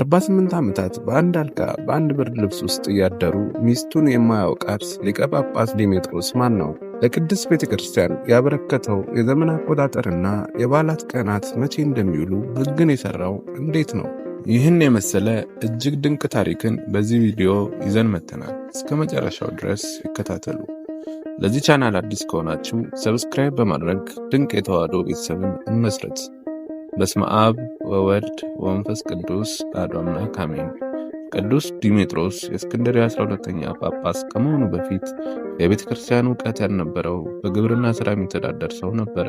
ለ48 ዓመታት በአንድ አልጋ በአንድ ብርድ ልብስ ውስጥ እያደሩ ሚስቱን የማያውቃት ሊቀ ጳጳስ ዲሜጥሮስ ማን ነው? ለቅድስት ቤተ ክርስቲያን ያበረከተው የዘመን አቆጣጠርና የበዓላት ቀናት መቼ እንደሚውሉ ሕግን የሠራው እንዴት ነው? ይህን የመሰለ እጅግ ድንቅ ታሪክን በዚህ ቪዲዮ ይዘን መተናል። እስከ መጨረሻው ድረስ ይከታተሉ። ለዚህ ቻናል አዲስ ከሆናችሁ ሰብስክራይብ በማድረግ ድንቅ የተዋሕዶ ቤተሰብን እንመስረት። በስመ አብ ወወልድ ወመንፈስ ቅዱስ አሐዱ አምላክ አሜን። ቅዱስ ዲሜጥሮስ የእስክንድርያ 12ኛ ጳጳስ ከመሆኑ በፊት የቤተ ክርስቲያን እውቀት ያልነበረው በግብርና ሥራ የሚተዳደር ሰው ነበረ።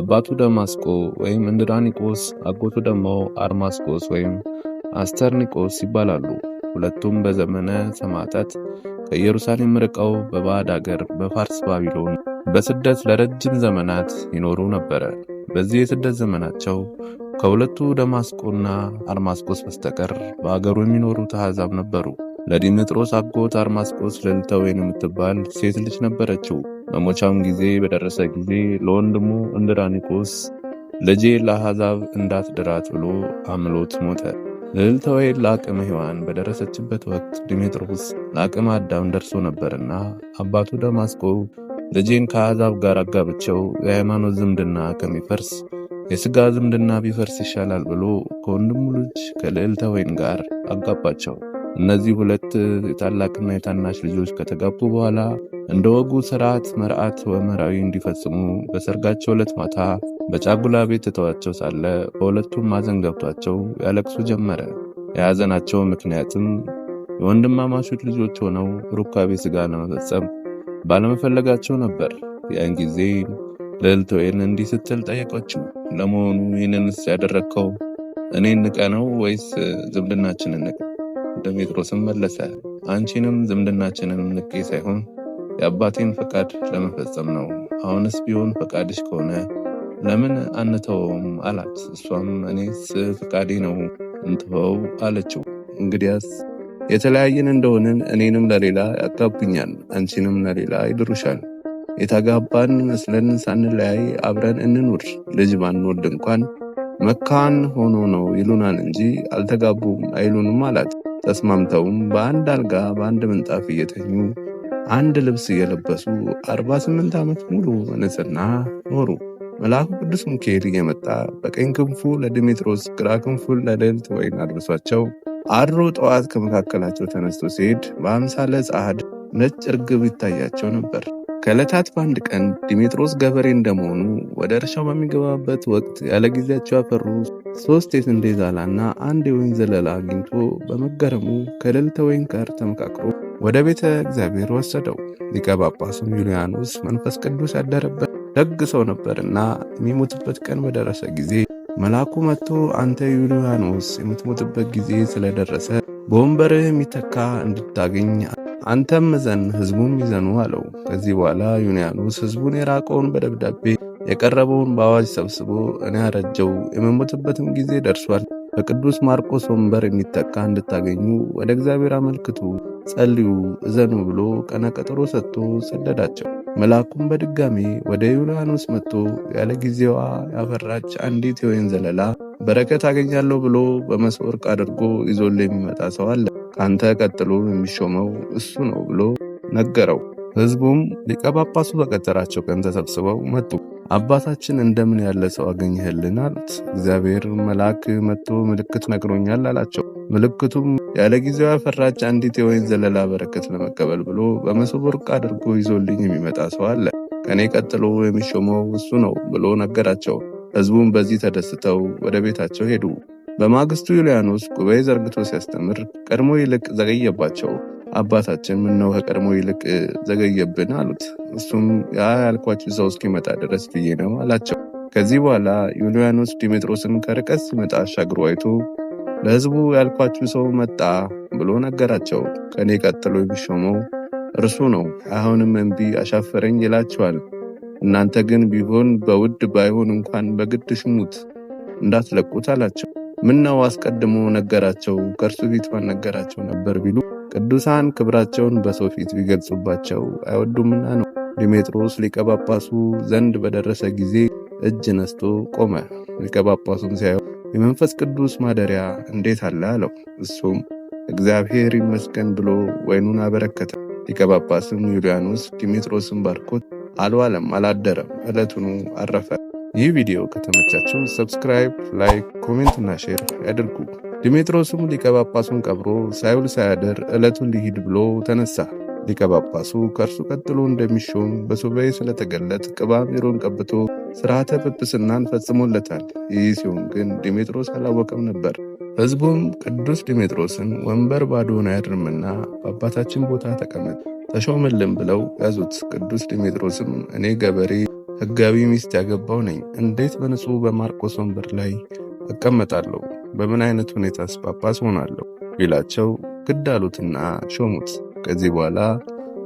አባቱ ደማስቆ ወይም እንድራኒቆስ፣ አጎቱ ደግሞ አርማስቆስ ወይም አስተርኒቆስ ይባላሉ። ሁለቱም በዘመነ ሰማዕታት ከኢየሩሳሌም ርቀው በባዕድ አገር በፋርስ ባቢሎን በስደት ለረጅም ዘመናት ይኖሩ ነበረ። በዚህ የስደት ዘመናቸው ከሁለቱ ደማስቆና አርማስቆስ በስተቀር በአገሩ የሚኖሩት አሕዛብ ነበሩ። ለዲሜጥሮስ አጎት አርማስቆስ ልዕልታዊን የምትባል ሴት ልጅ ነበረችው። መሞቻም ጊዜ በደረሰ ጊዜ ለወንድሙ እንድራኒቆስ ልጄ ለአሕዛብ እንዳትድራት ብሎ አምሎት ሞተ። ልዕልታዊ ለአቅመ ሔዋን በደረሰችበት ወቅት ዲሜጥሮስ ለአቅመ አዳም ደርሶ ነበርና አባቱ ደማስቆ ልጄን ከአሕዛብ ጋር አጋብቸው የሃይማኖት ዝምድና ከሚፈርስ የሥጋ ዝምድና ቢፈርስ ይሻላል ብሎ ከወንድሙ ልጅ ከልዕልተ ወይን ጋር አጋባቸው። እነዚህ ሁለት የታላቅና የታናሽ ልጆች ከተጋቡ በኋላ እንደ ወጉ ሥርዓት መርዓት ወመራዊ እንዲፈጽሙ በሰርጋቸው ዕለት ማታ በጫጉላ ቤት ትተዋቸው ሳለ በሁለቱም ማዘን ገብቷቸው ያለቅሱ ጀመረ። የያዘናቸው ምክንያትም የወንድማማቾች ልጆች ሆነው ሩካቤ ሥጋ ለመፈጸም ባለመፈለጋቸው ነበር። ያን ጊዜ ልዕልትወይን እንዲህ ስትል ጠየቀችው፣ ለመሆኑ ይህንንስ ያደረግከው እኔን ንቀ ነው ወይስ ዝምድናችንን ንቀ? ደሜጥሮስም መለሰ፣ አንቺንም ዝምድናችንን ንቄ ሳይሆን የአባቴን ፈቃድ ለመፈጸም ነው። አሁንስ ቢሆን ፈቃድሽ ከሆነ ለምን አንተውም አላት። እሷም እኔስ ፈቃዴ ነው እንትኸው አለችው። እንግዲያስ የተለያየን እንደሆንን እኔንም ለሌላ ያጋቡኛል፣ አንቺንም ለሌላ ይድሩሻል። የተጋባን መስለን ሳንለያይ አብረን እንኑር፣ ልጅ ባንወልድ እንኳን መካን ሆኖ ነው ይሉናል እንጂ አልተጋቡም አይሉንም አላት። ተስማምተውም በአንድ አልጋ በአንድ ምንጣፍ እየተኙ አንድ ልብስ እየለበሱ 48 ዓመት ሙሉ በንጽህና ኖሩ። መልአኩ ቅዱስ ሚካኤል እየመጣ በቀኝ ክንፉ ለድሜጥሮስ ግራ ክንፉ ለደልት ወይን አድርሷቸው አድሮ ጠዋት ከመካከላቸው ተነስቶ ሲሄድ በአምሳለ ጸዓድ ነጭ እርግብ ይታያቸው ነበር። ከዕለታት በአንድ ቀን ዲሜጥሮስ ገበሬ እንደመሆኑ ወደ እርሻው በሚገባበት ወቅት ያለ ጊዜያቸው ያፈሩ ሶስት የስንዴ ዛላና አንድ የወይን ዘለላ አግኝቶ በመገረሙ ከልዕልተ ወይን ጋር ተመካክሮ ወደ ቤተ እግዚአብሔር ወሰደው። ሊቀ ጳጳሱም ዩልያኖስ መንፈስ ቅዱስ ያደረበት ደግ ሰው ነበርና የሚሞትበት ቀን በደረሰ ጊዜ መልአኩ መጥቶ አንተ ዩልያኖስ የምትሞትበት ጊዜ ስለደረሰ በወንበርህ የሚተካ እንድታገኝ አንተም እዘን ሕዝቡም ይዘኑ አለው። ከዚህ በኋላ ዩልያኖስ ሕዝቡን የራቀውን በደብዳቤ የቀረበውን በአዋጅ ሰብስቦ እኔ አረጀው የመሞትበትም ጊዜ ደርሷል፣ በቅዱስ ማርቆስ ወንበር የሚተካ እንድታገኙ ወደ እግዚአብሔር አመልክቱ፣ ጸልዩ፣ እዘኑ ብሎ ቀነ ቀጠሮ ሰጥቶ ሰደዳቸው። መልአኩም በድጋሚ ወደ ዮርዳኖስ መጥቶ ያለ ጊዜዋ ያፈራች አንዲት የወይን ዘለላ በረከት አገኛለሁ ብሎ በመሶበ ወርቅ አድርጎ ይዞል የሚመጣ ሰው አለ፣ ካንተ ቀጥሎ የሚሾመው እሱ ነው ብሎ ነገረው። ህዝቡም ሊቀ ጳጳሱ በቀጠራቸው ቀን ተሰብስበው መጡ። አባታችን እንደምን ያለ ሰው አገኘህልን? አሉት። እግዚአብሔር መልአክ መጥቶ ምልክት ነግሮኛል አላቸው። ምልክቱም ያለ ጊዜዋ ፈራች አንዲት የወይን ዘለላ በረከት ለመቀበል ብሎ በመሶብ ወርቅ አድርጎ ይዞልኝ የሚመጣ ሰው አለ፣ ከኔ ቀጥሎ የሚሾመው እሱ ነው ብሎ ነገራቸው። ሕዝቡም በዚህ ተደስተው ወደ ቤታቸው ሄዱ። በማግስቱ ዩልያኖስ ጉባኤ ዘርግቶ ሲያስተምር ቀድሞ ይልቅ ዘገየባቸው። አባታችን ምነው ከቀድሞ ይልቅ ዘገየብን አሉት። እሱም ያ ያልኳችሁ ሰው እስኪመጣ ድረስ ብዬ ነው አላቸው። ከዚህ በኋላ ዩልያኖስ ዲሜጥሮስን ከርቀት ሲመጣ አሻግሮ አይቶ ለሕዝቡ ያልኳችሁ ሰው መጣ ብሎ ነገራቸው። ከእኔ ቀጥሎ የሚሾመው እርሱ ነው። አሁንም እምቢ አሻፈረኝ ይላችኋል። እናንተ ግን ቢሆን በውድ ባይሆን እንኳን በግድ ሽሙት እንዳትለቁት አላቸው። ምነው አስቀድሞ ነገራቸው ከእርሱ ፊት ማን ነገራቸው ነበር ቢሉ ቅዱሳን ክብራቸውን በሰው ፊት ቢገልጹባቸው አይወዱምና ነው። ዲሜጥሮስ ሊቀ ጳጳሱ ዘንድ በደረሰ ጊዜ እጅ ነስቶ ቆመ። ሊቀ ጳጳሱም ሲያየው የመንፈስ ቅዱስ ማደሪያ እንዴት አለ አለው። እሱም እግዚአብሔር ይመስገን ብሎ ወይኑን አበረከተ። ሊቀ ጳጳስም ዩልያኖስ ዲሜጥሮስን ባርኮት አልዋለም፣ አላደረም፣ ዕለቱኑ አረፈ። ይህ ቪዲዮ ከተመቻቸው ሰብስክራይብ፣ ላይክ፣ ኮሜንት እና ሼር ያድርጉ። ዲሜጥሮስም ሊቀ ጳጳሱን ቀብሮ ሳይውል ሳያደር ዕለቱን ሊሂድ ብሎ ተነሳ። ሊቀ ጳጳሱ ከእርሱ ቀጥሎ እንደሚሾም በሱባኤ ስለተገለጠ ቅባ ሜሮን ቀብቶ ስርዓተ ጵጵስናን ፈጽሞለታል። ይህ ሲሆን ግን ዲሜጥሮስ አላወቀም ነበር። ሕዝቡም ቅዱስ ዲሜጥሮስን ወንበር ባዶን አያድርምና በአባታችን ቦታ ተቀመጥ ተሾመልን ብለው ያዙት። ቅዱስ ዲሜጥሮስም እኔ ገበሬ ሕጋዊ ሚስት ያገባው ነኝ፣ እንዴት በንጹሕ በማርቆስ ወንበር ላይ እቀመጣለሁ? በምን አይነት ሁኔታስ ጳጳስ ሆናለሁ? ቢላቸው ግድ አሉትና ሾሙት። ከዚህ በኋላ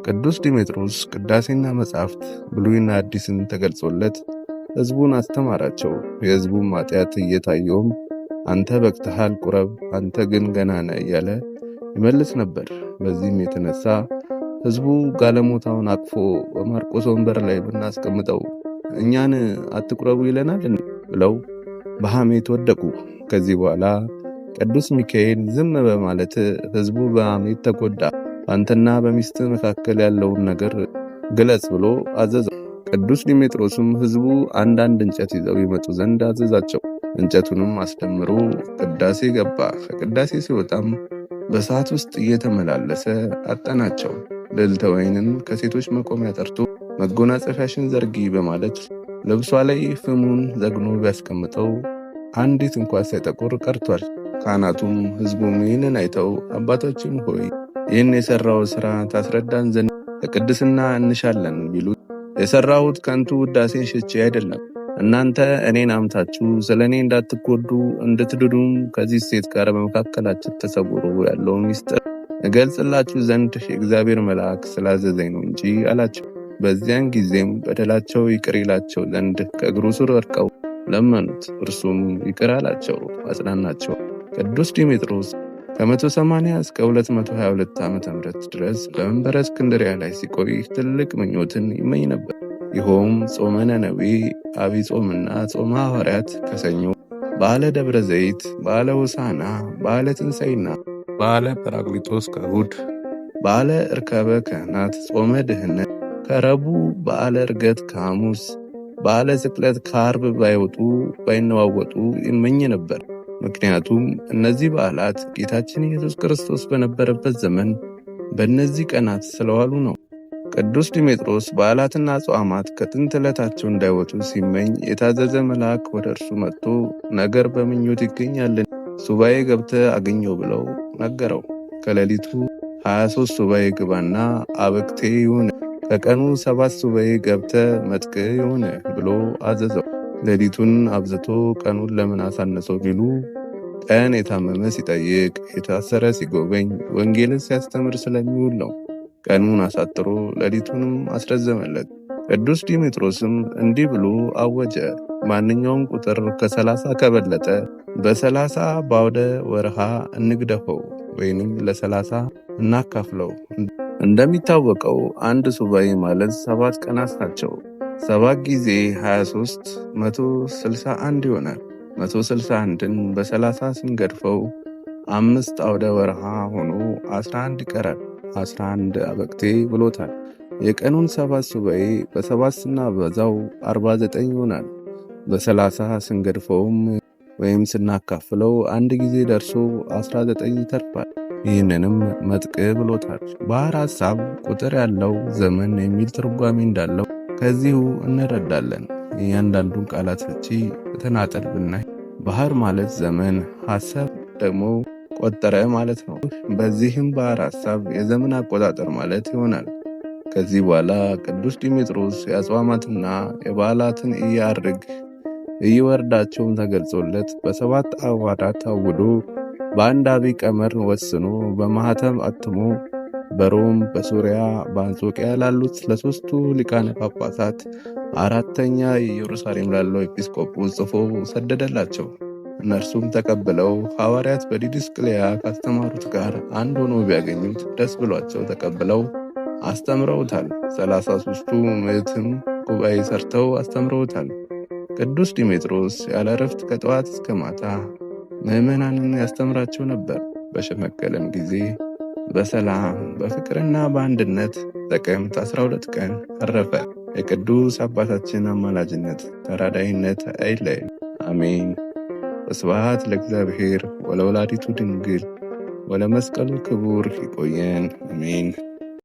ቅዱስ ዲሜጥሮስ ቅዳሴና መጻሕፍት ብሉይና አዲስን ተገልጾለት ሕዝቡን አስተማራቸው። የህዝቡን ማጥያት እየታየውም አንተ በቅተሃል ቁረብ፣ አንተ ግን ገና ነህ እያለ ይመልስ ነበር። በዚህም የተነሳ ሕዝቡ ጋለሞታውን አቅፎ በማርቆስ ወንበር ላይ ብናስቀምጠው እኛን አትቁረቡ ይለናል ብለው በሐሜት ወደቁ። ከዚህ በኋላ ቅዱስ ሚካኤል ዝም በማለት ሕዝቡ በሐሜት ተጎዳ። በአንተና በሚስት መካከል ያለውን ነገር ግለጽ ብሎ አዘዘ። ቅዱስ ዲሜጥሮስም ሕዝቡ አንዳንድ እንጨት ይዘው ይመጡ ዘንድ አዘዛቸው። እንጨቱንም አስደምሮ ቅዳሴ ገባ። ከቅዳሴ ሲወጣም በሰዓት ውስጥ እየተመላለሰ አጠናቸው። ልዕልተ ወይንን ከሴቶች መቆሚያ ጠርቶ መጎናጸፊያሽን ዘርጊ በማለት ልብሷ ላይ ፍሙን ዘግኖ ቢያስቀምጠው አንዲት እንኳ ሳይጠቁር ቀርቷል። ካህናቱም ሕዝቡም ይህንን አይተው አባታችን ሆይ ይህን የሠራው ሥራ ታስረዳን ዘንድ ለቅድስና እንሻለን ቢሉት የሰራሁት ከንቱ ውዳሴን ሽቼ አይደለም። እናንተ እኔን አምታችሁ ስለ እኔ እንዳትጎዱ እንድትድዱም ከዚህ ሴት ጋር በመካከላችን ተሰውሮ ያለው ሚስጥር እገልጽላችሁ ዘንድ የእግዚአብሔር መልአክ ስላዘዘኝ ነው እንጂ አላቸው። በዚያን ጊዜም በደላቸው ይቅር ይላቸው ዘንድ ከእግሩ ስር ወድቀው ለመኑት። እርሱም ይቅር አላቸው፣ አጽናናቸው። ቅዱስ ዲሜጥሮስ ከ180 እስከ 222 ዓ ም ድረስ በመንበረ እስክንድሪያ ላይ ሲቆይ ትልቅ ምኞትን ይመኝ ነበር። ይኸውም ጾመ ነነዌ፣ አብይ ጾምና ጾመ ሐዋርያት፣ ከሰኞ በዓለ ደብረ ዘይት፣ በዓለ ሆሳና፣ በዓለ ትንሣኤና በዓለ ጰራቅሊጦስ፣ ከእሁድ በዓለ እርከበ ካህናት፣ ጾመ ድህነት ከረቡዕ፣ በዓለ ዕርገት ከሐሙስ፣ በዓለ ስቅለት ከአርብ ባይወጡ ባይነዋወጡ ይመኝ ነበር። ምክንያቱም እነዚህ በዓላት ጌታችን ኢየሱስ ክርስቶስ በነበረበት ዘመን በእነዚህ ቀናት ስለዋሉ ነው። ቅዱስ ዲሜጥሮስ በዓላትና አጽዋማት ከጥንት ዕለታቸው እንዳይወጡ ሲመኝ የታዘዘ መልአክ ወደ እርሱ መጥቶ ነገር በምኞት ይገኛልን ሱባኤ ገብተ አገኘው ብለው ነገረው። ከሌሊቱ 23 ሱባኤ ግባና አበቅቴ ይሁን፣ ከቀኑ ሰባት ሱባኤ ገብተ መጥቅ ይሁን ብሎ አዘዘው። ሌሊቱን አብዝቶ ቀኑን ለምን አሳነሰው ቢሉ ቀን የታመመ ሲጠይቅ፣ የታሰረ ሲጎበኝ፣ ወንጌልን ሲያስተምር ስለሚውል ነው። ቀኑን አሳጥሮ ሌሊቱንም አስረዘመለት። ቅዱስ ዲሜጥሮስም እንዲህ ብሎ አወጀ። ማንኛውም ቁጥር ከሰላሳ ከበለጠ በሰላሳ ባውደ ወርሃ እንግደፈው ወይንም ለሰላሳ እናካፍለው። እንደሚታወቀው አንድ ሱባኤ ማለት ሰባት ቀናት ናቸው። ሰባት ጊዜ 23 161 ይሆናል። 161ን በ30 ስንገድፈው አምስት አውደ በረሃ ሆኖ 11 ይቀራል። 11 አበቅቴ ብሎታል። የቀኑን ሰባት ሱባኤ በሰባት ስናበዛው 49 ይሆናል። በ30 ስንገድፈውም ወይም ስናካፍለው አንድ ጊዜ ደርሶ 19 ይተርፋል። ይህንንም መጥቅ ብሎታል። ባህር ሐሳብ ቁጥር ያለው ዘመን የሚል ትርጓሜ እንዳለው ከዚሁ እንረዳለን። እያንዳንዱን ቃላት ፍቺ በተናጠል ብናይ ባህር ማለት ዘመን፣ ሀሳብ ደግሞ ቆጠረ ማለት ነው። በዚህም ባህር ሀሳብ የዘመን አቆጣጠር ማለት ይሆናል። ከዚህ በኋላ ቅዱስ ዲሜጥሮስ የአጽዋማትና የበዓላትን እያርግ እየወርዳቸውም ተገልጾለት በሰባት አዋዳ ታውዶ በአንድ አብይ ቀመር ወስኖ በማህተም አትሞ በሮም በሱሪያ በአንጾቅያ ላሉት ለሶስቱ ሊቃነ ጳጳሳት አራተኛ የኢየሩሳሌም ላለው ኤጲስቆጶስ ጽፎ ሰደደላቸው። እነርሱም ተቀብለው ሐዋርያት በዲድስቅልያ ካስተማሩት ጋር አንድ ሆኖ ቢያገኙት ደስ ብሏቸው ተቀብለው አስተምረውታል። ሰላሳ ሦስቱ ምዕትም ጉባኤ ሰርተው አስተምረውታል። ቅዱስ ዲሜጥሮስ ያለ ረፍት ከጠዋት እስከ ማታ ምዕመናንን ያስተምራቸው ነበር። በሸመገለም ጊዜ በሰላም በፍቅርና በአንድነት ጥቅምት 12 ቀን አረፈ። የቅዱስ አባታችን አማላጅነት ተራዳይነት አይለይም። አሜን። ስብሐት ለእግዚአብሔር ወለወላዲቱ ድንግል ወለመስቀሉ ክቡር ይቆየን። አሜን።